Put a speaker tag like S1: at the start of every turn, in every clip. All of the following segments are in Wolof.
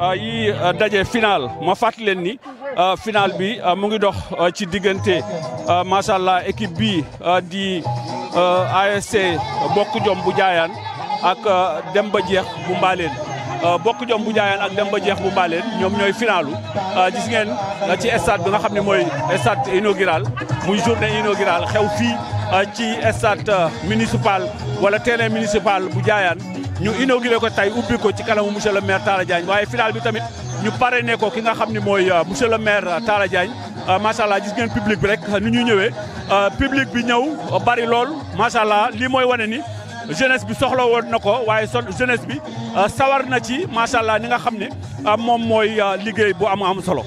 S1: Euh, yi euh, daje final ma fàttali leen ni euh, final bi mu ngi dox ci diggante macha allah équipe bi di ASC Bokk Jom bu Jaayaan ak Demba Jeex bu Mbaaleen Euh, bokk jom bu jaayaan ak dem jeex bu baaleen ñoom ñooy finalu euh, gis ngeen euh, ci stade bi nga xam ne mooy stade inaugural muy journée inaugurale xew fii ci stade municipal wala terrain municipal bu jaayaan ñu inauguré ko tey ubbi ko ci kanamu monsieur le maire Talla Diagne waaye final bi tamit ñu parrainé ko ki nga xam ne mooy monsieur le maire Talla jaañ macha allah gis ngeen public bi rek ni ñuy ñëwee public bi ñëw bari lool macha allah lii mooy wane ni. jeunesse bi soxla woon na ko waaye son jeunesse bi euh, sawar na ci macha allah ni nga xam ne euh, moom mooy euh, liggéey bu am am solo.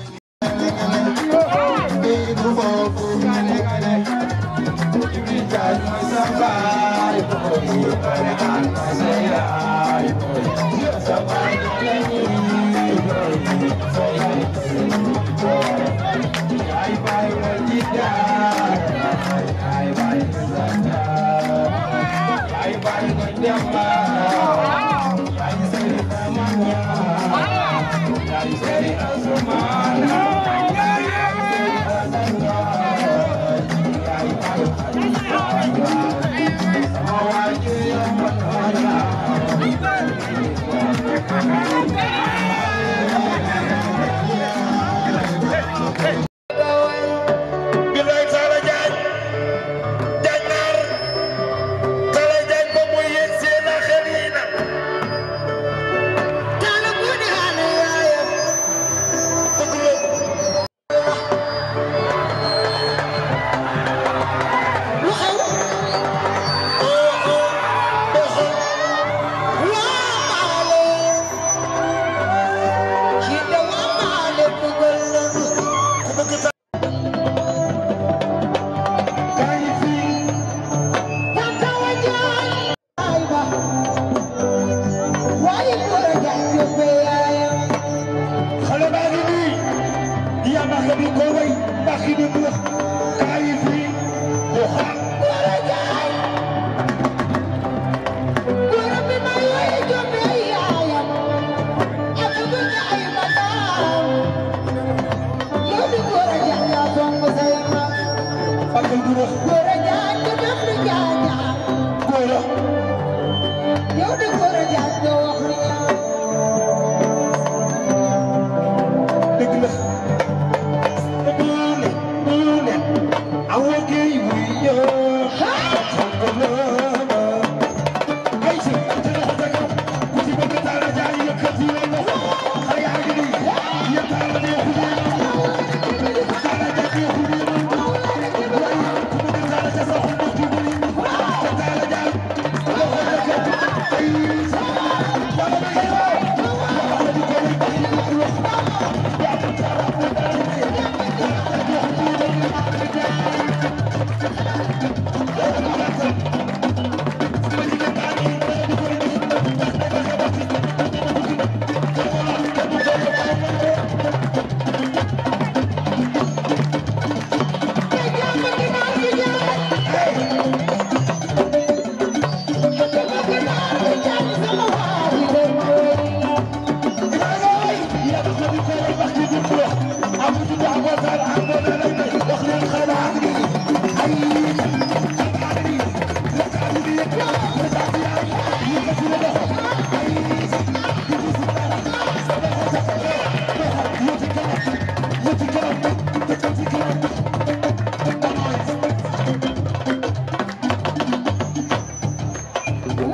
S2: Take me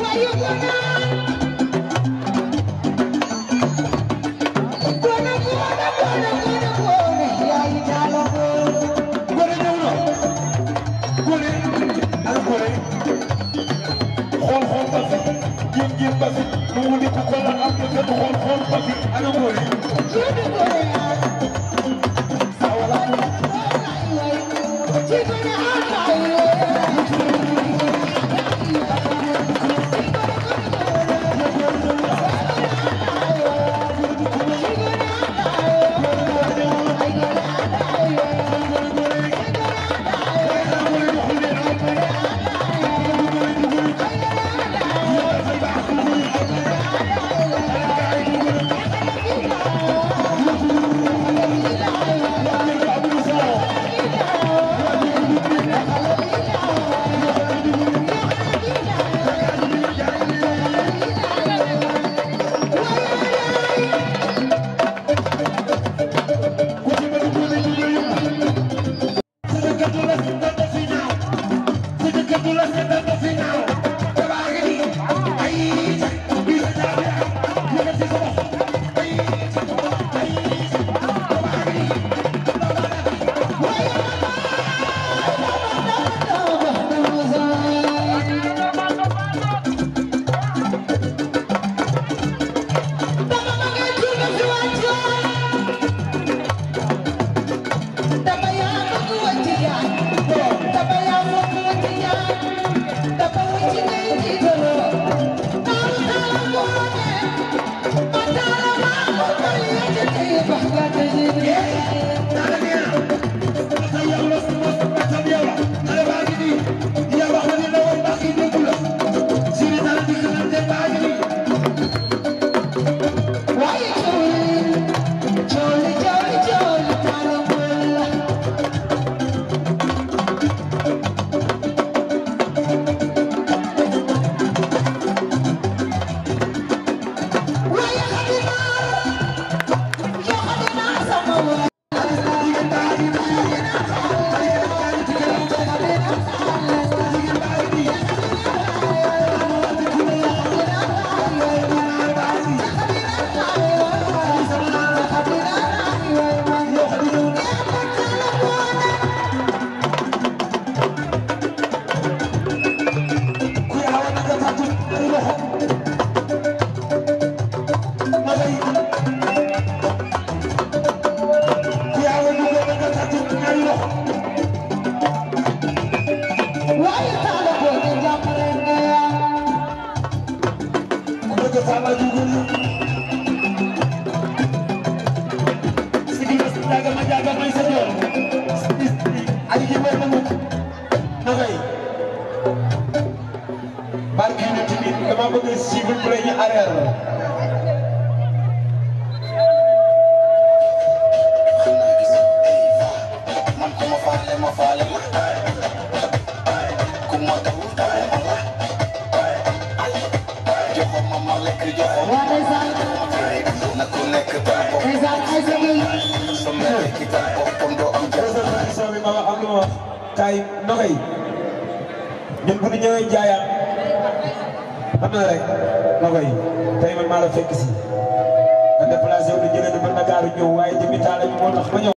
S2: out,
S1: ndox yi ñun bu ñu ñëwee jaayaat xam naa rek ndox yi tey man maa la fekk si nga déplacé wu ñu jëlee ba Dakar ñëw waaye jëmmi taal moo tax ma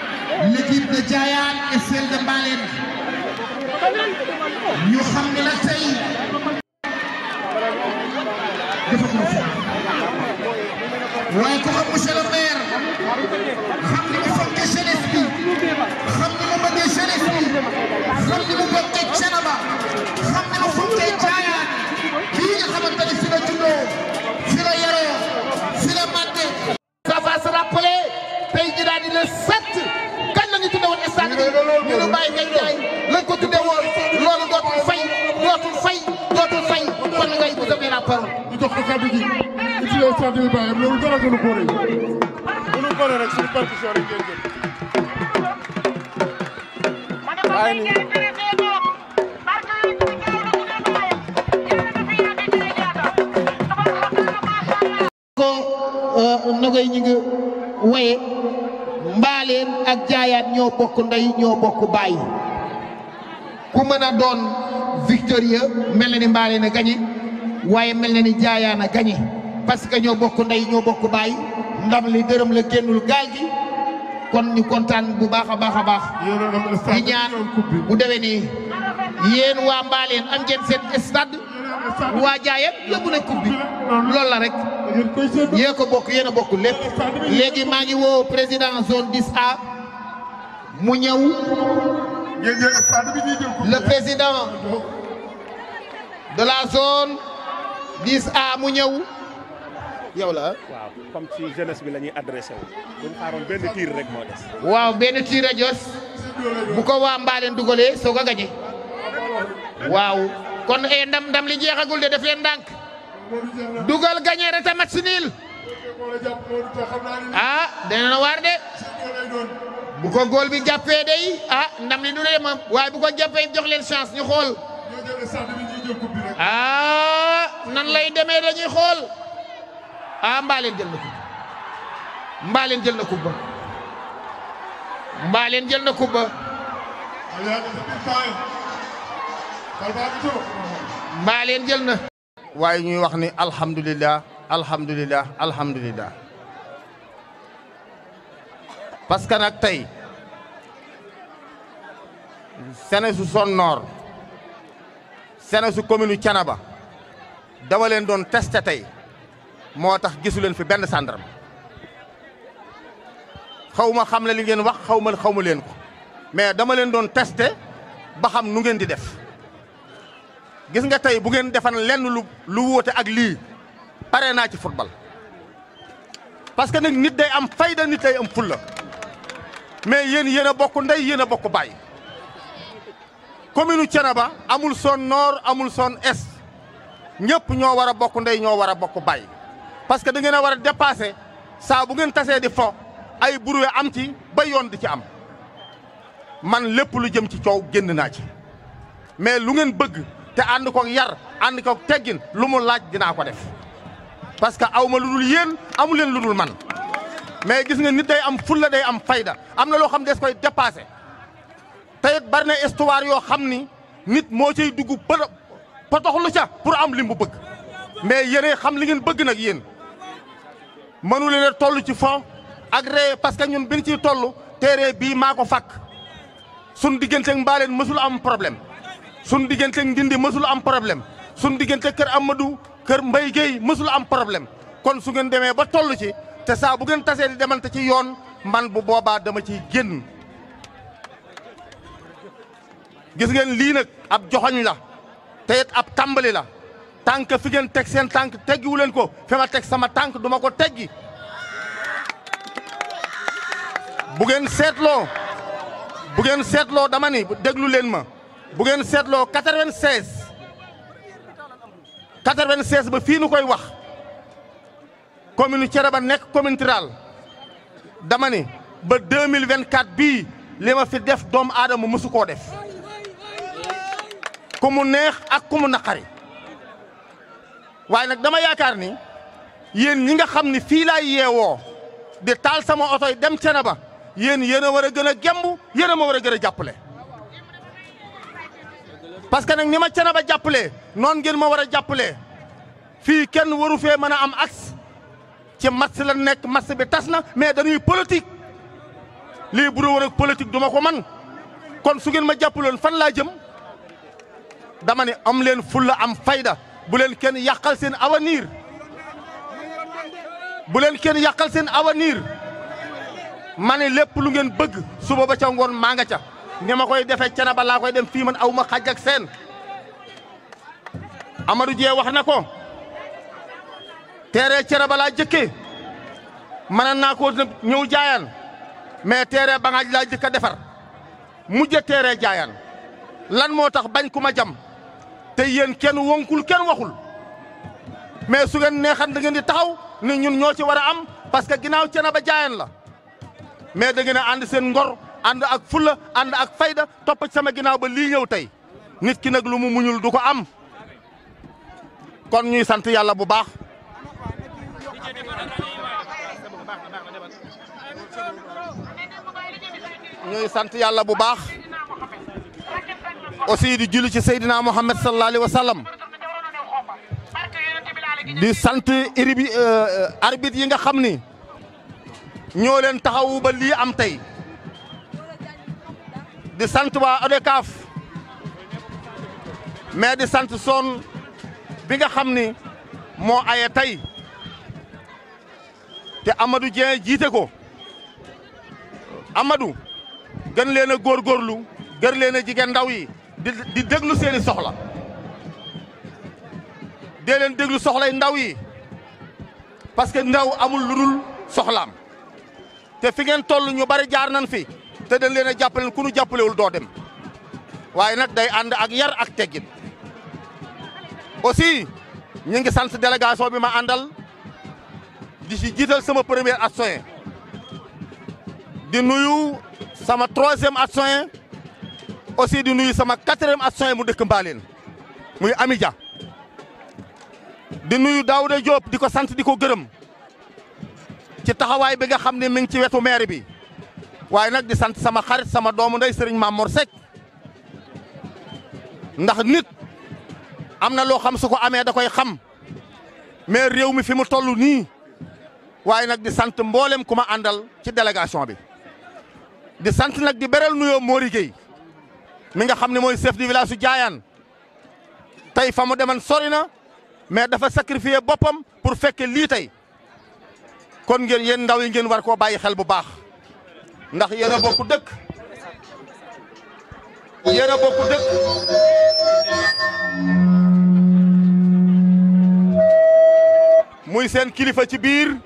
S3: l'équipe de Diayane et celle de Mbalène ñu xam ne la tey
S2: dafa ko fa waaye ku xam monsieur le maire xam ni mu fonkee jeunesse bi xam ni mu bëggee jeunesse bi
S3: xam ni mu bokkee Thiénaba xam ni mu fonkee Diayane kii nga xamante ne fi la juddoo wax ko kaddu gi utile eh, um ngi waye mbaaleen ak jaayaat ñoo bokk ndey ñoo bokk baay ku mën a doon victorieux mel ni mbaaleen a gañe waaye mel na ni jaayaana gañe parce que ñoo bokk ndey ñoo bokk baay ndam li gërëm la génnul gaal gi kon ñu kontaan bu baax a baax a baax. di ñaan bu demee nii yéen waa Mbaaleen am ngeen seen stade waa Jaayeen yóbbu nañ coupe la rek yéen ko bokk yéen a bokk lépp. léegi maa ngi woo président zone 10A mu ñëw. le président de 10 a mu ñëw yow la waaw comme ci jeunesse bi la ñuy adressé wu. bu ñu xaaroon benn tiir rek moo a jos bu ko waa mbaaleen dugalee soog a gañe waaw kon e ndam ndam li jeexagul de def leen ndànk dugal gañe rek a match nul ah dana waar de bu ko gool bi jàppee day ah ndam li du lee moom waaye bu ko jàppee jox leen chance ñu xool nan lay demee dañuy xool ah mbaaleen jël na coupe mbaaleen jël na coupe mbaaleen jël na waaye ñuy wax ni alhamdulilah alhamdulilah alhamdulilah parce que nag tey sene su Sonor sene su commune dama leen doon testé tey moo tax gisu leen fi benn sàndarma xawma ma xam ne li ngeen wax xaw ma xaw ma leen ko mais dama leen doon testé ba xam nu ngeen di def gis nga tey bu ngeen defan lenn lu lu wóote ak lii pare naa ci football parce que nag nit day am fayda nit day am fulla mais yéen yéen a bokk ndey yéen a bokk baay commune Thiénaba amul zone nord amul zone est ñëpp ñoo war a bokk ndey ñoo war a bokk bay parce que da ngeen a war a dépassé saa bu ngeen tasee di fo ay buruwe am ci ba yoon di ci am man lépp lu jëm ci coow génn naa ci mais lu ngeen bëgg te ànd ko yar ànd ko teggin lu mu laaj dinaa ko def parce que aw ma lu dul yéen amu leen lu dul man mais gis nga nit day am fulla day am fayda am na loo xam des koy dépassé te bari na histoire yoo xam ni nit moo cay dugg patoxlu ca pour am li mu bëgg mais yéen xam li ngeen bëgg nag yéen mënu leen a ci fond ak ree parce que ñun biñ ciy toll téere bii maa ko fàkk sun digganteeg mbaaleen mësul am problème sun digganteeg ndindi mësul am problème sun digganteeg kër Amadou kër Mbaye Guèye mësul am problème kon su ngeen demee ba toll ci te saa bu ngeen tasee di demante ci yoon man bu boobaa dama ciy génn gis ngeen lii nag ab joxoñ la te it ab tàmbali la tànk fi ngeen teg seen tànk teggiwu leen ko fi ma teg sama tànk duma ko teggi bu ngeen seetloo bu ngeen seetloo dama ni déglu leen ma bu ngeen seetloo 96 96 ba fii nu koy wax cere ba nekk commune rurale dama ni ba 2024 bii li ma fi def doomu aadama mësu koo def ku neex ak ku mu naqari waaye nag dama yaakaar ni yéen ñi nga xam ni fii laay yeewoo di taal sama oto yi dem cene ba yéen yéen a war a gën a gemb yéen a ma war a gën a jàppale parce que nag ni ma cene ba jàppalee noon ngeen ma war a jàppalee fii kenn waru fee mën a am axe ci match la nekk match bi tas na mais dañuy politique lii bu dul war ak politique du ma ko man kon su ngeen ma jàppaloon fan laa jëm dama ne am leen fulla am fayda bu leen kenn yàqal seen avenir bu leen kenn yàqal seen avenir ma ne lépp lu ngeen bëgg suba ba ca ngoon maa nga ca ni ma koy defee cana balaa koy dem fii man aw ma xaj ak seen Amadou Dieng wax na ko teere cere balaa jëkkee mën naa ko ñëw jaayaan mais teere ba nga laa jëkk a defar mujj teere jaayaan lan moo tax bañ ku ma jam te yéen kenn wonkul kenn waxul mais su ngeen neexan da ngeen di taxaw ni ñun ñoo ci war a am parce que ginnaaw ba Diayène la mais da ngeen a ànd seen ngor ànd ak fulla ànd ak fayda topp sama ginnaaw ba lii ñëw tey nit ki nag lu mu muñul du ko am kon ñuy sant yàlla bu baax ñuy sant yàlla bu baax aussi di julli ci Seydina Muhammad sallallahu alayhi wa sallam di sant iribi euh, arbitre yi nga xam ni ñoo leen taxawu ba lii am tey di sant waa ODCAV mais di sant son bi nga xam ni moo aye tey te Amadou Dieng jiite ko Amadou gën leen a góorgóorlu gën leen a jigéen ndaw yi di di déglu seeni soxla dee leen déglu soxlay ndaw yi parce que ndaw amul lu dul soxlaam te fi ngeen toll ñu bari jaar nañ fi te dañ leen a jàppale ku ñu jàppalewul doo dem waaye nag day ànd ak yar ak teggin aussi ñu ngi sant délégation bi ma àndal di si jiital sama premier adjoint di nuyu sama troisième adjoint aussi di nuyu sama quatrième adjoint mu dëkk Mbaleen muy Amidia di nuyu Daouda Diop di ko sant di ko gërëm ci taxawaay bi nga xam ne mi ngi ci wetu maire bi waaye nag di sant sama xarit sama doomu ndey sëriñ Mamor Seck ndax nit am na loo xam su ko amee da koy xam mais réew mi fi mu toll nii waaye nag di sant mboolem ku ma àndal ci délégation bi di sant nag di beral nuyoo Mori mi nga xam ne mooy chef du village su Jaayaan tey fa mu deman sori na mais dafa sacrifier boppam pour fekke lii tey kon ngeen yéen ndaw yi ngeen war koo bàyyi xel bu baax ndax yéen a bokk dëkk yéen a dëkk muy seen kilifa ci biir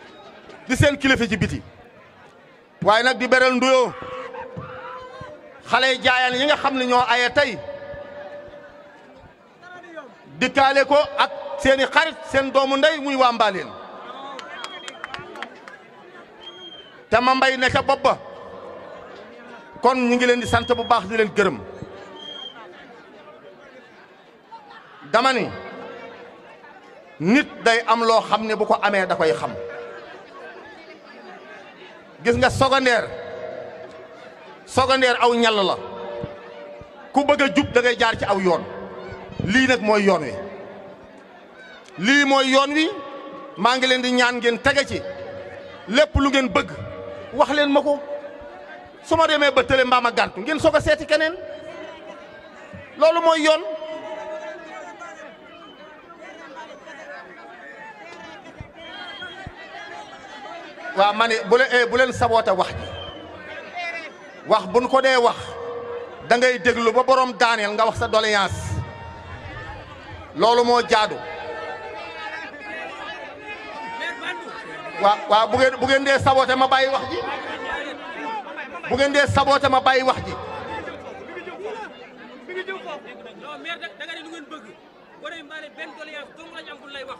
S3: di seen kilifa ci biti waaye nag di beral nduyoo xale jaayaan yi nga xam ne ñoo aye tey dikkaale ko ak seeni xarit seen doomu ndey muy waa Mbaaleen te mbay ne ca bopp ba kon ñu ngi leen di sant bu baax di leen gërëm dama nit day am loo xam ne bu ko amee da koy xam gis nga secondaire secondaire aw ñal la ku bëgg a jub da jaar ci aw yoon lii nag mooy yoon wi lii mooy yoon wi maa ngi leen di ñaan ngeen tege ci lépp lu ngeen bëgg wax leen ma ko su ma demee ba tële mbaam a gàntu ngeen soog a seeti keneen loolu mooy yoon waaw ma ne bu leen eh, bu leen saboote wax ji wax buñ ko dee wax da ngay déglu ba borom daaneel nga wax sa doléance loolu moo jaadu waaw waaw bu ngeen bu ngeen dee saboté ma bàyyi wax ji bu ngeen dee saboté ma bàyyi wax ji mi ngi jëm ngeen bëgg boo demee mbaale benn doléance lay wax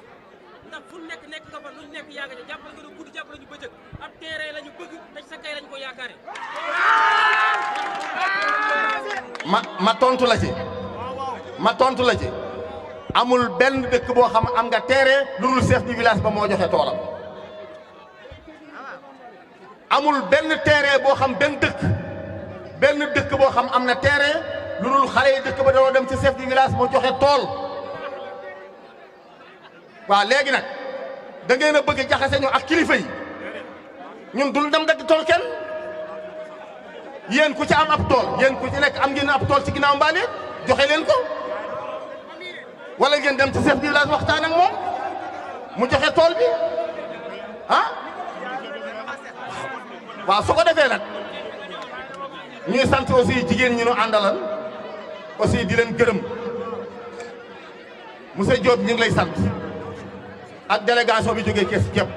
S3: ndax fu nekk nekk nekk yaa ngi ca jàppale nga ne guddi ab terrain la ñu bëgg te sa kay lañ ko yaakaare. ma ma tontu la ci ma tontu la ci amul benn dëkk boo xam am nga terrain lu dul chef du village ba moo joxe toolam amul benn terrain boo xam benn dëkk benn dëkk boo xam am na terrain lu dul xale yi dëkk ba dañoo dem ci chef du village moo joxe tool. waaw léegi nag da ngeen a bëgg a jaxase ak kilifa yi ñun duñu dem dagg tool kenn yéen ku ci am ab tool yéen ku ci nekk am ngeen ab tool ci ginnaaw mbaale joxe leen ko wala ngeen dem ci chef du village waxtaan ak moom mu joxe tool bi ah waaw su ko defee nag ñuy sant aussi jigéen ñi ñu àndalal aussi di leen gërëm monsieur Diop ñu ngi lay sant. ak délégation bi jógee kees yëpp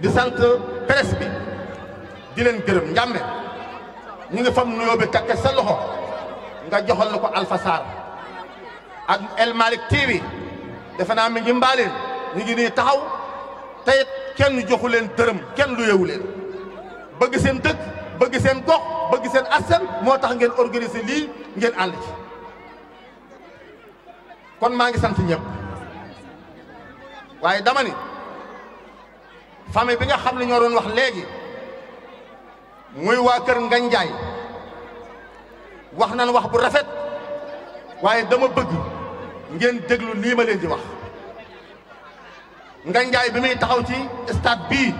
S3: di sant presse bi di leen gërëm njàmbe ñu ngi fam nuyoo bi takke sa loxo nga joxal na ko Alpha ak El Malick TV defe naa mi ngi ñu ngi nii taxaw tey kenn joxu leen dërëm kenn lu yewu leen bëgg seen dëkk bëgg seen gox bëgg seen askan moo tax ngeen organiser lii ngeen ànd ci kon maa ngi sant ñëpp. waaye dama ni famille bi nga xam ne ñoo doon wax léegi muy waa kër Nganjaay wax nan wax bu rafet waaye dama bëgg ngeen déglu lii ma leen di wax Nganjaay bi muy taxaw ci stade bii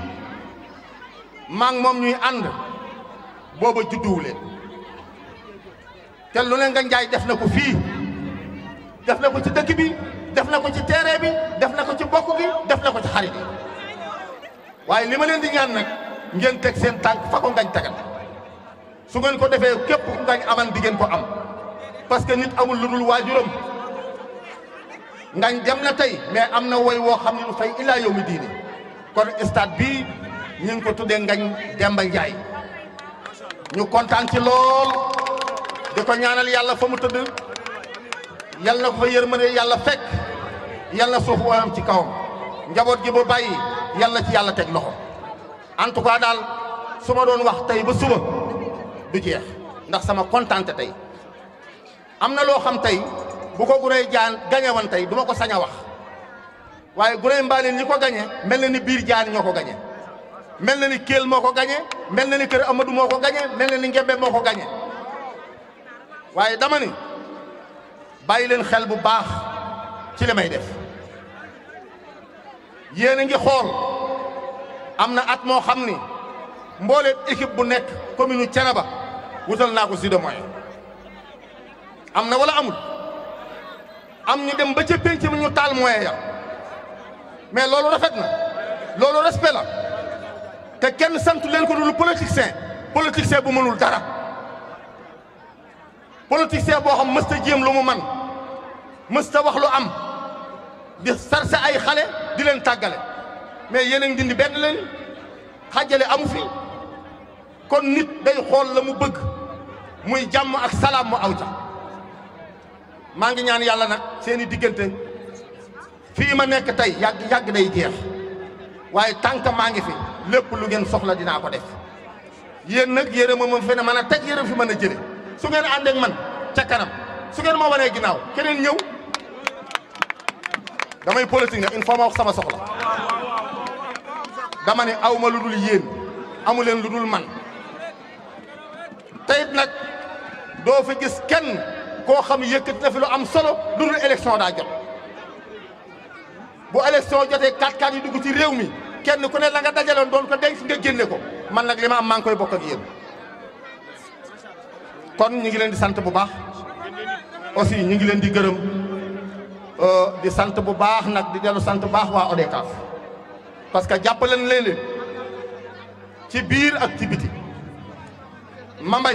S3: maa moom ñuy ànd booba judduwu leen te lu ne Nganjaay def na ko fii def na ko ci dëkk bi def na ko ci terrain bi def na ko ci bokk gi def na ko ci xarit waaye li ma leen di ñaan nag ngeen teg seen tànk fa ko ngañ tegal su ngeen ko defee képp ku ngañ amal di ngeen ko am parce que nit amul lu dul waajuram ngañ dem na tey mais am na woy woo xam ne lu fay illaa yow mi diine kon stade bii ñu ngi ko tuddee ngañ Demba Ndiaye ñu kontaan ci lool di ko ñaanal yàlla fa mu tëdd yal na ko fa yërmande yàlla fekk yal na suuf woyof ci kawam njaboot gi bu bàyyi yal na ci yàlla teg loxo en tout cas daal su ma doon wax tey ba suba jeex ndax sama kontante tey am na loo xam tey bu ko guney jaan gañewoon tey duma ko sañ a wax waaye guney mbaaleen ñi ko gañe mel na ni biir jaan ñoo ko gañe mel na ni Kell moo ko gañe mel na ni Kër Amadou moo ko gañe mel na ni Ngembe moo ko gañe waaye dama bàyyi leen xel bu baax ci li def yéen a ngi xool am na at moo xam ni mbooleem équipe bu nekk commune Thiénaba wutal naa ko si de am na wala amul am ñu dem ba ca pénc mi ñu taal moyen ya mais loolu rafet na loolu respect la te kenn santu leen ko dul politicien politicien bu mënul dara politicien boo xam mësta jéem lu mu man mësta wax lu am di sarse ay xale di leen tàggale mais yéen a ngi dindi benn leen xàjjale amu fi kon nit day xool la mu bëgg muy jàmm ak salaam mu aw ca maa ngi ñaan yàlla nag seeni diggante fii ma nekk tey yàgg yàgg day jeex waaye tànk maa ngi fi lépp lu ngeen soxla dinaa ko def yéen nag yére ma ma fi ne mën a teg yére fi mën a jële su ngeen ànd ak man ca kanam su ngeen ma wanee ginnaaw keneen ñëw damay politique nag il faut ma wax sama soxla dama ne awma lu dul yéen amu leen lu dul man teyit nag doo fi gis kenn koo xam yëkkati na fi lu am solo du dul élection daa jot bu élection jote kat kat yi dugg ci réew mi kenn ku ne la nga dajaloon doon ko denc nga génne ko man nag li ma am maa ngi koy bokk yéen kon ñu ngi leen di sant bu baax aussi ñu ngi leen di gërëm euh, di sant bu baax nag di dellu sant bu baax waa ODCAV parce que jàppaleen léeg-léeg ci biir ak ci biti Mambay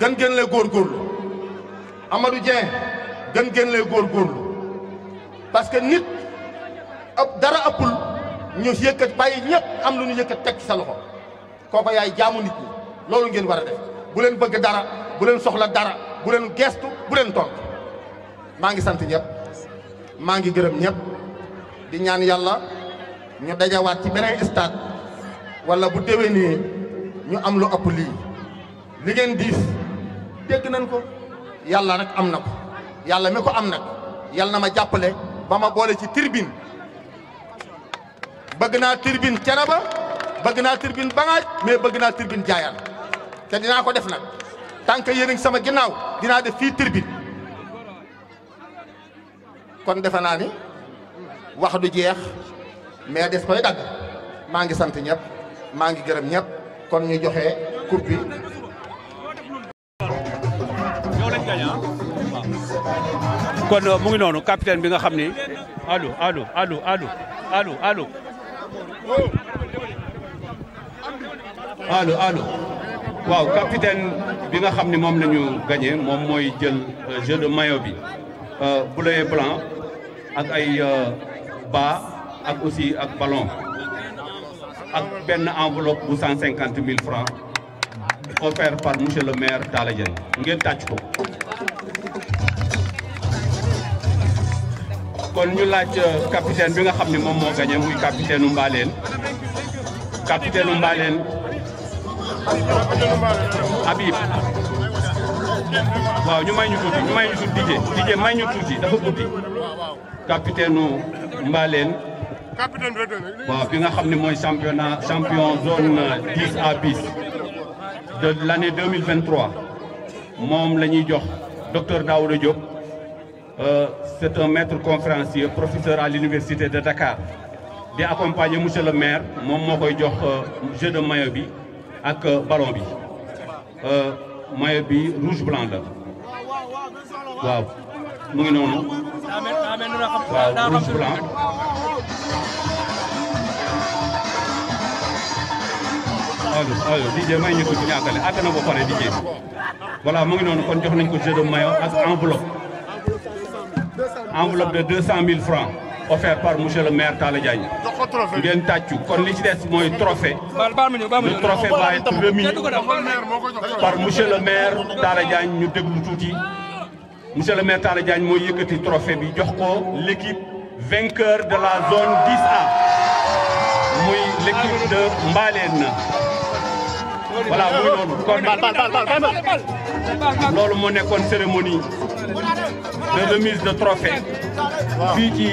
S3: gën gën lay góorgóorlu Amadou Dieng gën gën lay góorgóorlu parce que nit ëpp dara ëppul ñu yëkkat bàyyi ñëpp am lu ñu yëkkat teg ci sa yaay jaamu nit ñi loolu ngeen war bu leen bëgg dara bu leen soxla dara bu leen geestu bu leen tontu maa ngi sant ñëpp maa ngi gërëm ñëpp di ñaan yàlla ñu dajawaat ci beneen stade wala bu déwénee ñu am lu ëpp lii li ngeen diis dégg nañ ko yàlla rek am na ko yàlla mi ko am nag yàlla na ma jàppale ba ma boole ci tribune bëgg naa tribune Thiénaba bëgg naa tribune Bangaaj mais bëgg naa tribune Jaayaan te dinaa ko def nag tant que yéen a sama ginnaaw dinaa def fii tribune kon defe naa ni wax du jeex mais def koy dagg maa ngi sant ñëpp maa ngi gërëm ñëpp kon ñu joxe coupe bi
S1: kon euh, mu ngi noonu capitaine bi nga xam ni allo allo allo allo allo allo allo allo waaw capitaine bi nga xam ni moom la ñu moom mooy jël euh, jeu de maillot bi bleu et blanc ak ay euh, ba ak aussi ak ballon ak benn enveloppe bu cent cinquante mille francs par monsieur le maire Talla Diagne ngeen tàcc ko kon ñu laaj euh, capitaine bi nga xam ne moom moo gagné muy capitaine u Mbaleen capitaine Habib waaw ñu may ñu tuuti ñu may ñu tuuti dafa guddi capitaine nu Mbaleen waaw bi nga xam ne mooy championnat champion zone 10 à 10 de l' année 2023 moom la ñuy jox docteur Daouda Diop euh, c' est un maître conférencier professeur à l'université de dakaar di accompagner monsieur le maire moom moo koy jox euh, jeu de maillot bi ak euh, ballon bi euh, maillot bi rouge blanc la waaw mu ngi noonu waaw rouge blanc allo allo DJ may ñu ko na ba pare DJ voilà mu ngi noonu kon jox nañ ko jeu de maillot ak enveloppe enveloppe de 200 000 francs offert par monsieur le maire Talla ngeen tàccu kon li ci des mooy trophée. le trophée va être remis par monsieur le maire Talla Diagne ñu déglu tuuti. monsieur le maire Talla mooy yëkkati trophée bi jox ko l' équipe vainqueur la zone 10A muy l' équipe de Mbalène. voilà muy
S3: noonu kon
S1: loolu moo nekkoon cérémonie de remise de trophée fii ci.